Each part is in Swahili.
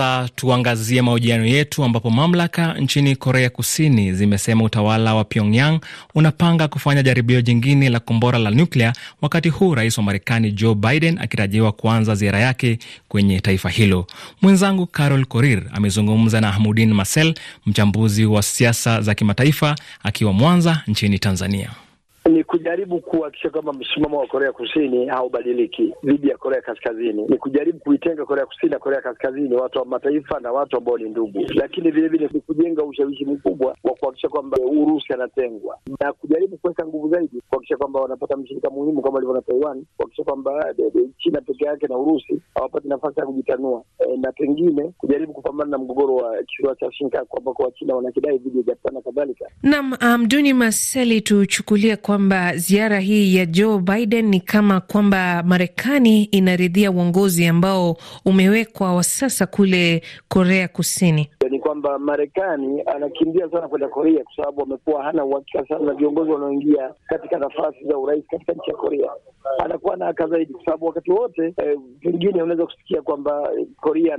Sasa tuangazie mahojiano yetu ambapo mamlaka nchini Korea Kusini zimesema utawala wa Pyongyang unapanga kufanya jaribio jingine la kombora la nyuklia, wakati huu rais wa Marekani Joe Biden akitarajiwa kuanza ziara yake kwenye taifa hilo. Mwenzangu Carol Korir amezungumza na Ahmudin Masel, mchambuzi wa siasa za kimataifa, akiwa Mwanza nchini Tanzania ni kujaribu kuhakikisha kwamba msimamo wa Korea Kusini haubadiliki dhidi ya Korea Kaskazini, ni kujaribu kuitenga Korea Kusini na Korea Kaskazini, watu wa mataifa na watu ambao ni ndugu, lakini vilevile ni kujenga ushawishi mkubwa wa kuhakikisha kwamba Urusi anatengwa na kujaribu kuweka nguvu zaidi kuhakikisha kwamba wanapata mshirika muhimu kama walivyo na Taiwan, kuhakikisha kwamba eh, eh, China peke yake na Urusi hawapati nafasi ya kujitanua e, na pengine kujaribu kupambana na mgogoro wa kisiwa cha Shinkaku ambako Wachina wanakidai dhidi ya Japan na kadhalika. Naam, Mduni um, Maseli, tuchukulie kwa kwamba ziara hii ya Joe Biden ni kama kwamba Marekani inaridhia uongozi ambao umewekwa wa sasa kule Korea Kusini kwamba Marekani anakimbia sana kwenda Korea kwa sababu amekuwa hana uhakika sana na viongozi wanaoingia katika nafasi za urais katika nchi ya Korea, anakuwa na haka zaidi kwa sababu wakati wote eh, pengine, eh, unaweza kusikia kwamba eh, Korea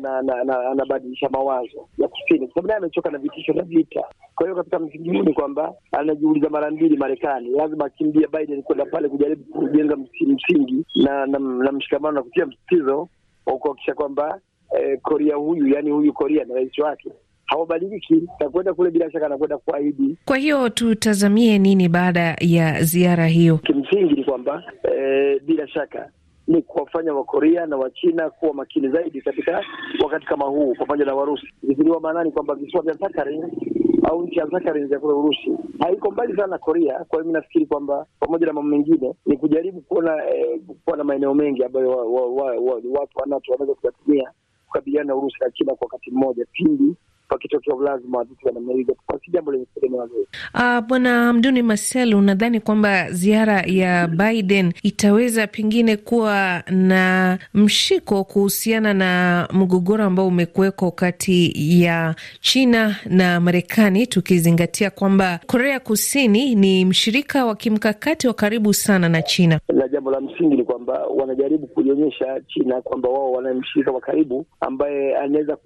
anabadilisha mawazo ya kusini, kwa sababu naye amechoka na vitisho na vita. Kwa hiyo katika msingi huu ni kwamba anajiuliza mara mbili, Marekani lazima akimbia Biden kwenda pale kujaribu kujenga msingi na, na, na mshikamano na kutia msitizo wa kuhakikisha kwamba eh, Korea huyu, yani huyu Korea na rais wake hawabadiliki na kwenda kule, bila shaka anakwenda kuahidi. Kwa hiyo tutazamie nini baada ya ziara hiyo? Kimsingi ni kwamba e, bila shaka ni kuwafanya Wakorea na Wachina kuwa makini zaidi katika wakati kama huu, pamoja na Warusi, ikitiliwa maanani kwamba visiwa vya Sakharin au nchi ya Sakharin ya kule Urusi haiko mbali sana na Korea. Kwa hiyo mi nafikiri kwamba pamoja na mambo mengine ni kujaribu kuona eh, kuwa na maeneo mengi ambayo watu wa, wa, wa, wa, wanaweza kuyatumia kukabiliana na Urusi na China kwa wakati mmoja pindi pakitokea ulazima vitu vya namna kwa si jambo lenye kutegemewa Uh, ah, Bwana Hamduni Masel, unadhani kwamba ziara ya Biden itaweza pengine kuwa na mshiko kuhusiana na mgogoro ambao umekuwekwa kati ya China na Marekani, tukizingatia kwamba Korea Kusini ni mshirika wa kimkakati wa karibu sana na China? Na jambo la msingi ni kwamba wanajaribu kuionyesha China kwamba wao wana mshirika wa karibu ambaye anaweza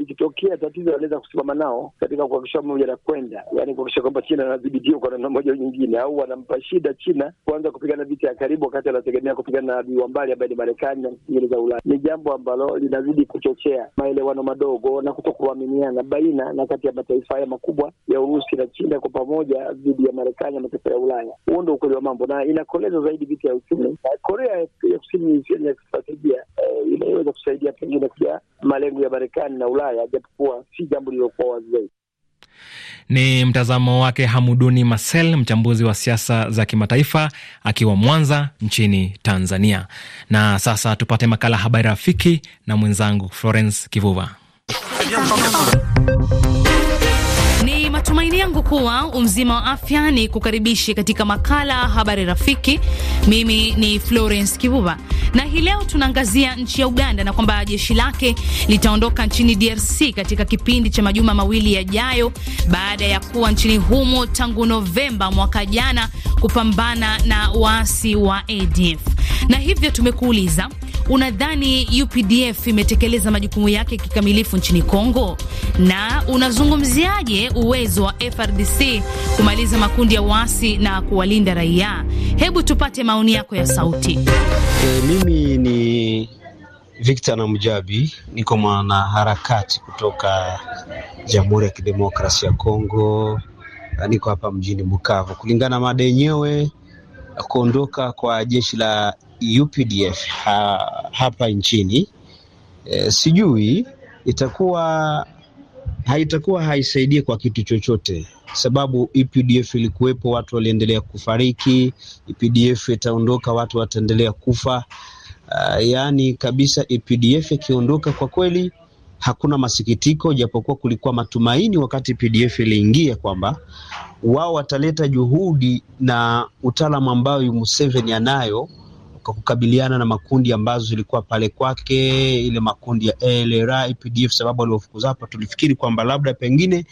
ikitokea tatizo wanaweza kusimama nao katika kuhakikisha mmoja na kwenda, yani kuhakikisha kwamba China anadhibitiwa kwa namna moja nyingine, au wanampa shida China kuanza kupigana vita ya karibu, wakati anategemea kupigana na adui wa mbali ambaye ni Marekani na nchi za Ulaya. Ni jambo ambalo linazidi kuchochea maelewano madogo na kutokuaminiana baina na kati ya mataifa haya makubwa ya Urusi na China kwa pamoja dhidi ya Marekani na mataifa ya Ulaya. Huo ndo ukweli wa mambo, na inakoleza zaidi vita ya uchumi. Korea ya Kusini ya kistratejia eh, inaweza kusaidia pengine kuja malengo ya Marekani na Ulaya, japokuwa si jambo lililokuwa wazi zaidi. Ni mtazamo wake Hamuduni Marcel, mchambuzi wa siasa za kimataifa akiwa Mwanza nchini Tanzania. Na sasa tupate makala Habari Rafiki na mwenzangu Florence Kivuva. Matumaini yangu kuwa umzima wa afya. Ni kukaribishi katika makala habari rafiki. Mimi ni Florence Kibuba na hii leo tunaangazia nchi ya Uganda na kwamba jeshi lake litaondoka nchini DRC katika kipindi cha majuma mawili yajayo baada ya kuwa nchini humo tangu Novemba mwaka jana kupambana na waasi wa ADF na hivyo tumekuuliza unadhani UPDF imetekeleza majukumu yake kikamilifu nchini Kongo, na unazungumziaje uwezo wa FRDC kumaliza makundi ya uasi na kuwalinda raia? Hebu tupate maoni yako ya sauti. E, mimi ni Victor na Mujabi, niko mwanaharakati kutoka Jamhuri ya Kidemokrasia ya Kongo, niko hapa mjini Bukavu. Kulingana na mada yenyewe, kuondoka kwa jeshi la UPDF ha, hapa nchini e, sijui itakuwa haitakuwa haisaidii kwa kitu chochote, sababu UPDF ilikuwepo, watu waliendelea kufariki. UPDF itaondoka, watu wataendelea kufa. Uh, yaani kabisa UPDF ikiondoka, kwa kweli hakuna masikitiko, japokuwa kulikuwa matumaini wakati PDF iliingia kwamba wao wataleta juhudi na utaalamu ambayo Museveni anayo kwa kukabiliana na makundi ambazo zilikuwa pale kwake, ile makundi ya LRA, PDF, sababu aliofukuza hapa, tulifikiri kwamba labda pengine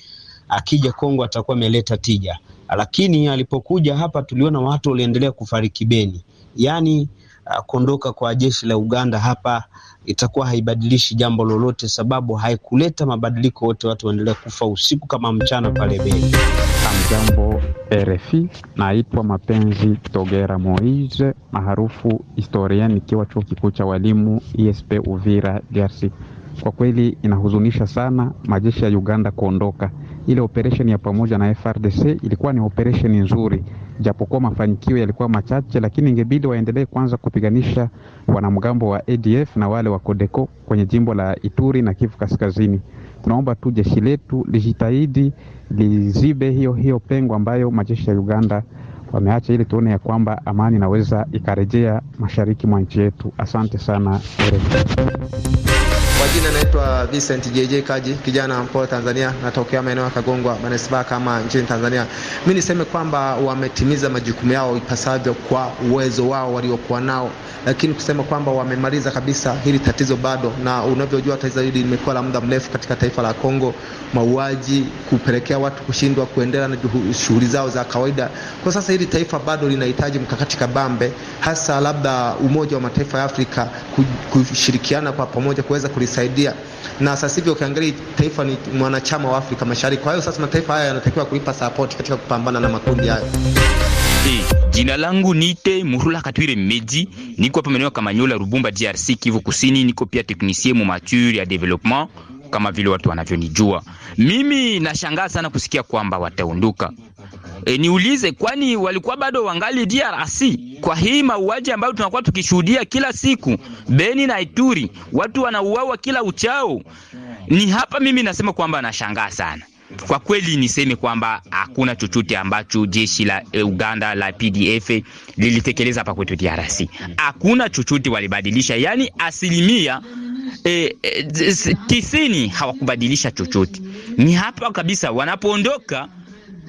akija Kongo atakuwa ameleta tija, lakini alipokuja hapa tuliona watu waliendelea kufariki Beni, yani uh, kuondoka kwa jeshi la Uganda hapa itakuwa haibadilishi jambo lolote, sababu haikuleta mabadiliko. Wote watu waendelea kufa usiku kama mchana pale Beni. Amjambo RFI, naitwa Mapenzi Togera Moise maarufu historia, nikiwa chuo kikuu cha walimu esp Uvira DRC. Kwa kweli inahuzunisha sana majeshi ya Uganda kuondoka ile operation ya pamoja na FRDC ilikuwa ni operation nzuri, japokuwa mafanikio yalikuwa machache, lakini ingebidi waendelee kwanza kupiganisha wanamgambo wa ADF na wale wa Kodeko kwenye jimbo la Ituri na Kivu Kaskazini. Tunaomba tu jeshi letu lijitahidi lizibe hiyo hiyo pengo ambayo majeshi ya Uganda wameacha ili tuone ya kwamba amani inaweza ikarejea mashariki mwa nchi yetu. Asante sana Ere. Majina naitwa Vincent JJ Kaji, kijana mpoa Tanzania, natokea maeneo ya Kagongwa manispaa kama nchini Tanzania. Mimi niseme kwamba wametimiza majukumu yao ipasavyo kwa uwezo wao waliokuwa nao, lakini kusema kwamba wamemaliza kabisa hili tatizo bado, na unavyojua tatizo hili limekuwa la muda mrefu katika taifa la Kongo, mauaji kupelekea watu kushindwa kuendelea na shughuli zao za kawaida. Kwa sasa hili taifa bado linahitaji mkakati kabambe, hasa labda Umoja wa Mataifa ya Afrika kushirikiana kwa pamoja kuweza kulis kutusaidia na sasa hivi ukiangalia taifa ni mwanachama wa Afrika Mashariki. Kwa hiyo sasa mataifa haya yanatakiwa kulipa support katika kupambana na makundi hayo. Hey, jina langu niite Murula Katwire Meji, niko hapa maeneo ya Kamanyola, Rubumba, DRC, Kivu Kusini. Niko pia technicien mu mature ya development kama vile watu wanavyonijua mimi. Nashangaa sana kusikia kwamba wataondoka. E, niulize kwani walikuwa bado wangali DRC kwa hii mauaji ambayo tunakuwa tukishuhudia kila siku Beni na Ituri, watu wanauawa kila uchao. Ni hapa mimi nasema kwamba nashangaa sana kwa kweli. Niseme kwamba hakuna chochote ambacho jeshi la e, Uganda la PDF lilitekeleza hapa kwetu DRC, hakuna chochote walibadilisha, yaani asilimia e, eh, e, eh, tisini hawakubadilisha chochote. Ni hapa kabisa wanapoondoka,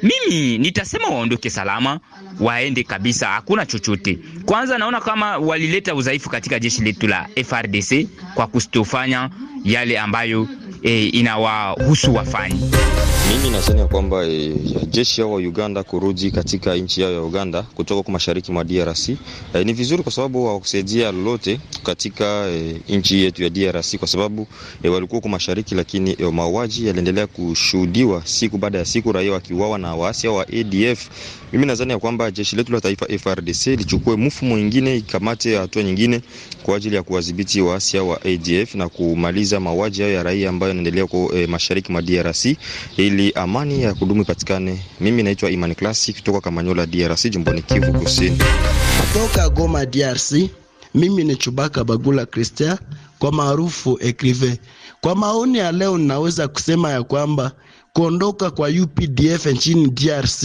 mimi nitasema waondoke salama, waende kabisa, hakuna chochote. Kwanza naona kama walileta udhaifu katika jeshi letu la FRDC kwa kustofanya yale ambayo e, inawahusu wafanyi. Mimi nasema kwamba e, jeshi yao wa Uganda kurudi katika nchi yao ya Uganda kutoka kwa mashariki mwa DRC e, ni vizuri kwa sababu hawakusaidia lolote katika e, nchi yetu ya DRC kwa sababu e, walikuwa kwa mashariki, lakini e, mauaji yaliendelea kushuhudiwa siku baada ya siku, raia wakiuawa na waasi wa ADF mimi nadhani ya kwamba jeshi letu la taifa FRDC lichukue mfumo mwingine, ikamate hatua nyingine kwa ajili ya kuwadhibiti waasi wa ADF na kumaliza mauaji hayo ya raia ambayo yanaendelea kwa e, eh, mashariki mwa DRC ili amani ya kudumu ipatikane. Mimi naitwa Imani Classic kutoka Kamanyola DRC, jumboni Kivu Kusini. Kutoka Goma DRC, mimi ni Chubaka Bagula Christian kwa maarufu Ekrive. Kwa maoni ya leo, ninaweza kusema ya kwamba Kuondoka kwa UPDF nchini DRC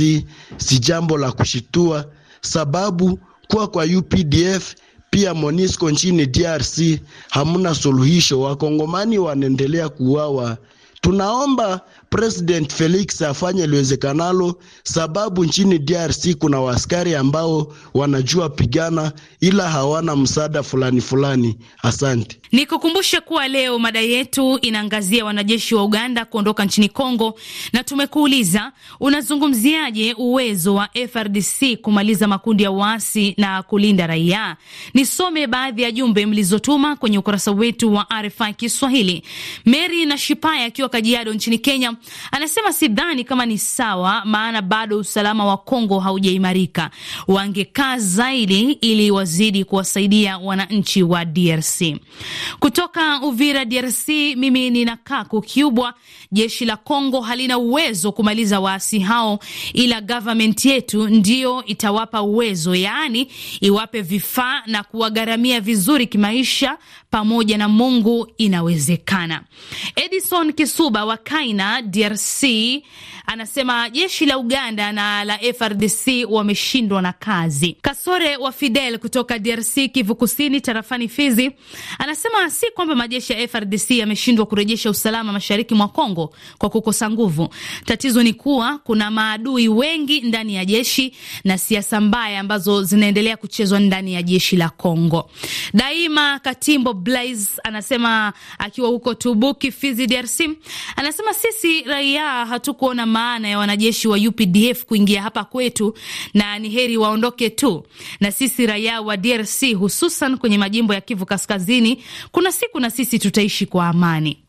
si jambo la kushitua, sababu kuwa kwa UPDF pia MONUSCO nchini DRC hamuna suluhisho. Wakongomani wanaendelea kuuawa. Tunaomba President Felix afanye liwezekanalo, sababu nchini DRC kuna waaskari ambao wanajua pigana ila hawana msaada fulani fulani. Asante. Nikukumbushe kuwa leo mada yetu inaangazia wanajeshi wa Uganda kuondoka nchini Kongo, na tumekuuliza unazungumziaje uwezo wa FRDC kumaliza makundi ya uasi na kulinda raia. Nisome baadhi ya jumbe mlizotuma kwenye ukurasa wetu wa RFI Kiswahili. Mary na Shipaya akiwa Kajiado nchini Kenya Anasema sidhani kama ni sawa, maana bado usalama wa Kongo haujaimarika. Wangekaa zaidi ili wazidi kuwasaidia wananchi wa DRC. Kutoka Uvira, DRC, mimi ninakaa kukiubwa. Jeshi la Kongo halina uwezo kumaliza waasi hao, ila government yetu ndiyo itawapa uwezo, yaani iwape vifaa na kuwagharamia vizuri kimaisha. Pamoja na Mungu inawezekana. Edison Kisuba wa Kaina DRC anasema jeshi la Uganda na la FRDC wameshindwa na kazi. Kasore wa Fidel kutoka DRC, Kivu Kusini, tarafani Fizi, anasema si kwamba majeshi ya FRDC yameshindwa kurejesha usalama mashariki mwa Kongo kwa kukosa nguvu. Tatizo ni kuwa kuna maadui wengi ndani ya jeshi na siasa mbaya ambazo zinaendelea kuchezwa ndani ya jeshi la Kongo. Daima Katimbo Blaise anasema akiwa huko Tubuki, Fizi, DRC, anasema sisi raia hatukuona maana ya wanajeshi wa UPDF kuingia hapa kwetu, na ni heri waondoke tu. Na sisi raia wa DRC, hususan kwenye majimbo ya Kivu Kaskazini, kuna siku na sisi tutaishi kwa amani.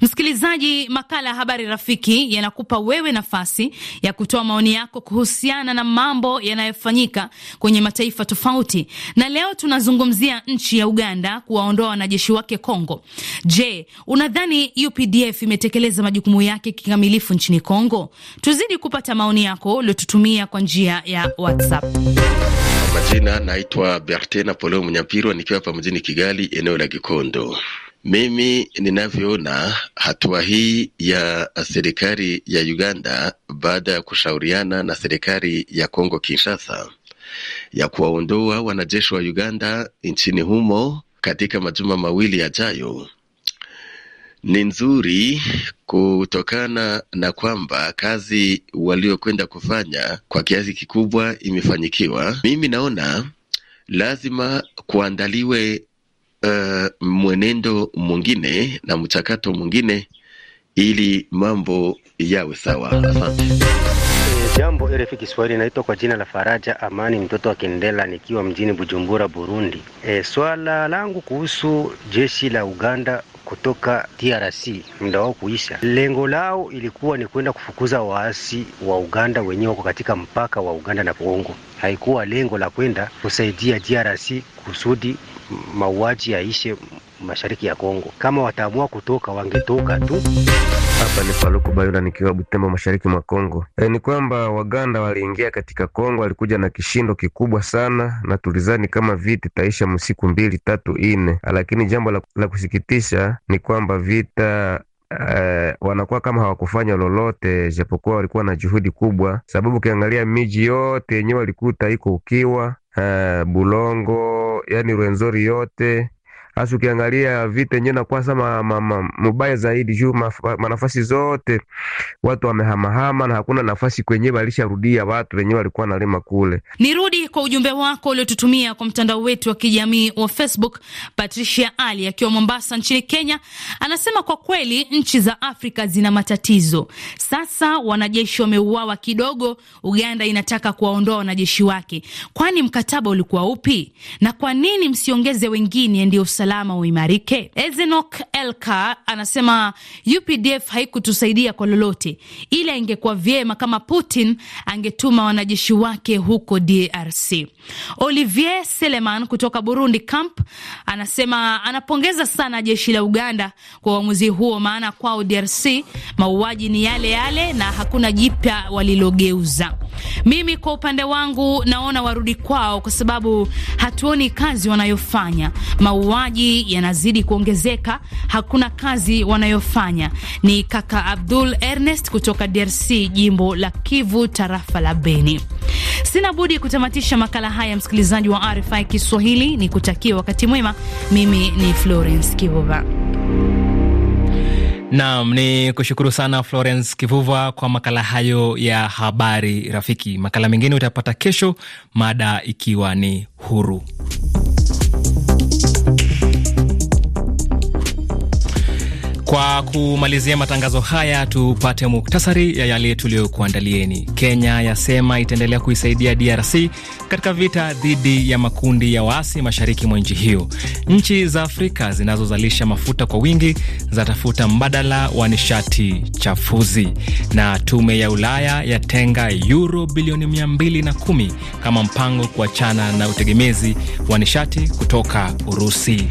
Msikilizaji, makala ya Habari Rafiki yanakupa wewe nafasi ya kutoa maoni yako kuhusiana na mambo yanayofanyika kwenye mataifa tofauti, na leo tunazungumzia nchi ya Uganda kuwaondoa wanajeshi wake Kongo. Je, unadhani UPDF imetekeleza majukumu yake kikamilifu nchini Kongo? Tuzidi kupata maoni yako uliotutumia kwa njia ya WhatsApp. Majina naitwa Berte Napoleo Mnyampirwa, nikiwa hapa mjini Kigali, eneo la Gikondo. Mimi ninavyoona hatua hii ya serikali ya Uganda baada ya kushauriana na serikali ya Kongo Kinshasa ya kuwaondoa wanajeshi wa Uganda nchini humo katika majuma mawili yajayo ni nzuri kutokana na kwamba kazi waliokwenda kufanya kwa kiasi kikubwa imefanyikiwa. Mimi naona lazima kuandaliwe uh, mwenendo mwingine na mchakato mwingine ili mambo yawe sawa. Asante. Eh, jambo RFI Kiswahili, naitwa kwa jina la Faraja Amani, mtoto wa Kendela, nikiwa mjini Bujumbura, Burundi. E, swala langu kuhusu jeshi la Uganda kutoka DRC muda wao kuisha. Lengo lao ilikuwa ni kwenda kufukuza waasi wa Uganda wenyewe wako katika mpaka wa Uganda na Kongo. Haikuwa lengo la kwenda kusaidia DRC kusudi mauaji yaishe mashariki ya Kongo. Kama wataamua kutoka, wangetoka tu. Hapa ni Faluku Bayula nikiwa Butembo, mashariki mwa Kongo. E, ni kwamba Waganda waliingia katika Kongo, walikuja na kishindo kikubwa sana, na tulizani kama vita itaisha msiku mbili tatu ine, lakini jambo la, la kusikitisha ni kwamba vita Uh, wanakuwa kama hawakufanya lolote, japokuwa walikuwa na juhudi kubwa, sababu ukiangalia miji yote yenyewe walikuta iko ukiwa, uh, Bulongo, yani Rwenzori yote hasa ukiangalia vita yenyewe na kwanza mubaya zaidi juu manafasi zote watu wamehamahama na hakuna nafasi kwenyewe walisharudia watu wenyewe walikuwa nalima kule. Nirudi kwa ujumbe wako uliotutumia kwa mtandao wetu wa kijamii wa Facebook. Patricia Ali akiwa Mombasa nchini Kenya anasema kwa kweli nchi za Afrika zina matatizo sasa. Wanajeshi wameuawa kidogo, Uganda inataka kuwaondoa wanajeshi wake, kwani mkataba ulikuwa upi? Na kwa nini msiongeze wengine, ndio usalama usalama uimarike. Ezenok Elka anasema UPDF haikutusaidia kwa lolote, ila ingekuwa vyema kama Putin angetuma wanajeshi wake huko DRC. Olivier Seleman kutoka Burundi Camp anasema anapongeza sana jeshi la Uganda kwa uamuzi huo, maana kwao DRC mauaji ni yale yale na hakuna jipya walilogeuza. Mimi kwa upande wangu naona warudi kwao, kwa sababu hatuoni kazi wanayofanya. Mauaji yanazidi kuongezeka, hakuna kazi wanayofanya. Ni kaka Abdul Ernest kutoka DRC, jimbo la Kivu, tarafa la Beni. Sina budi kutamatisha makala haya, msikilizaji wa RFI Kiswahili, ni kutakia wakati mwema. Mimi ni Florence Kivuva. Naam, ni kushukuru sana Florence Kivuva kwa makala hayo ya habari rafiki. Makala mengine utapata kesho, mada ikiwa ni huru. Kwa kumalizia matangazo haya, tupate muktasari ya yale tuliyokuandalieni. Kenya yasema itaendelea kuisaidia DRC katika vita dhidi ya makundi ya waasi mashariki mwa nchi hiyo. Nchi za Afrika zinazozalisha mafuta kwa wingi zatafuta mbadala wa nishati chafuzi. Na tume ya Ulaya yatenga yuro bilioni 210 kama mpango kuachana na utegemezi wa nishati kutoka Urusi.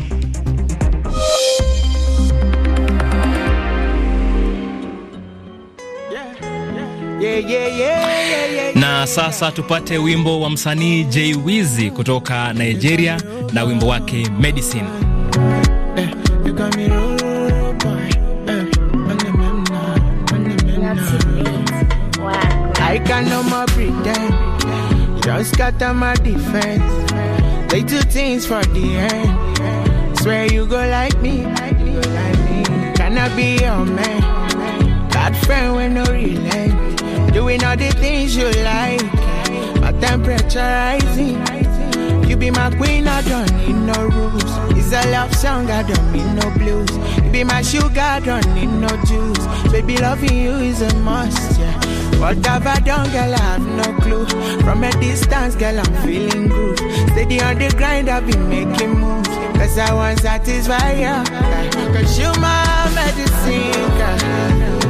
yeah, yeah, yeah, yeah, yeah. Na sasa tupate wimbo wa msanii Jay Wizi kutoka Nigeria na wimbo wake Medicine. Eh, eh, I can no more pretend. Just my defense. They do things for the end. Swear you go like me. Can I be your man? friend when no relent. Doing all the things you like. My temperature rising. You be my queen, I don't need no rules. It's a love song, I don't need no blues. You be my sugar, I don't need no juice. Baby, loving you is a must, yeah. What have I done, girl? I have no clue. From a distance, girl, I'm feeling good. Steady on the grind, I've been making moves. Cause I want satisfy you. Cause you my medicine, girl.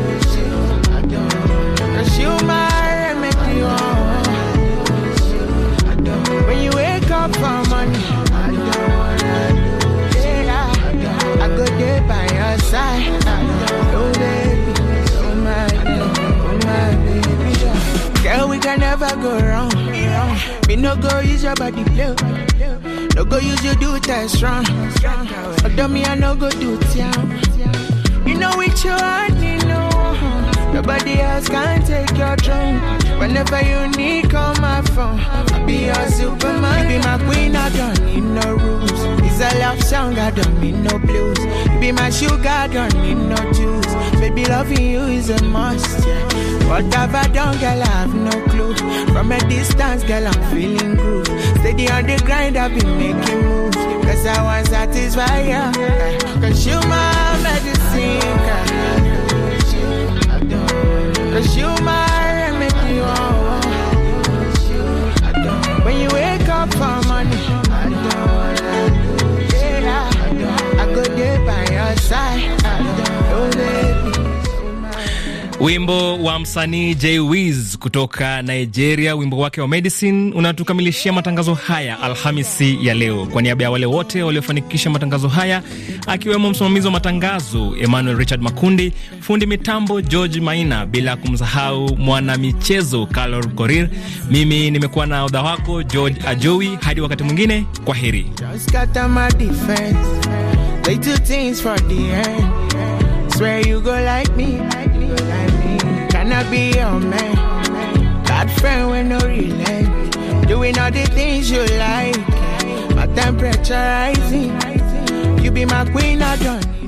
Cause you my remedy, oh. When you wake up for money, I don't wanna do yeah, I, I go there by your side. Oh baby, oh my, oh my baby. Girl, we can never go wrong. Me no go use your body blow. No go use your do test wrong. But me, I no go do town. You know which one you know. Nobody else can take your throne. Whenever you need, call my phone. I'll be your superman. You be my queen, I don't need no rules. It's a love song, I don't need no blues. You be my sugar, I don't need no juice. Baby, loving you is a must. Yeah. What have I done, girl? I have no clue. From a distance, girl, I'm feeling groove. Steady on the grind, I've been making moves. Cause I want satisfy ya. Yeah. Wimbo wa msanii Jay Wiz kutoka Nigeria, wimbo wake wa Medicine unatukamilishia matangazo haya Alhamisi ya leo. Kwa niaba ya wale wote waliofanikisha matangazo haya, akiwemo msimamizi wa matangazo Emmanuel Richard Makundi, fundi mitambo George Maina, bila kumsahau mwanamichezo Carol Korir, mimi nimekuwa na odha wako George Ajowi. Hadi wakati mwingine, kwa heri. be your man. Bad friend with no relent. Doing all the things you like. My temperature rising. You be my queen, I don't.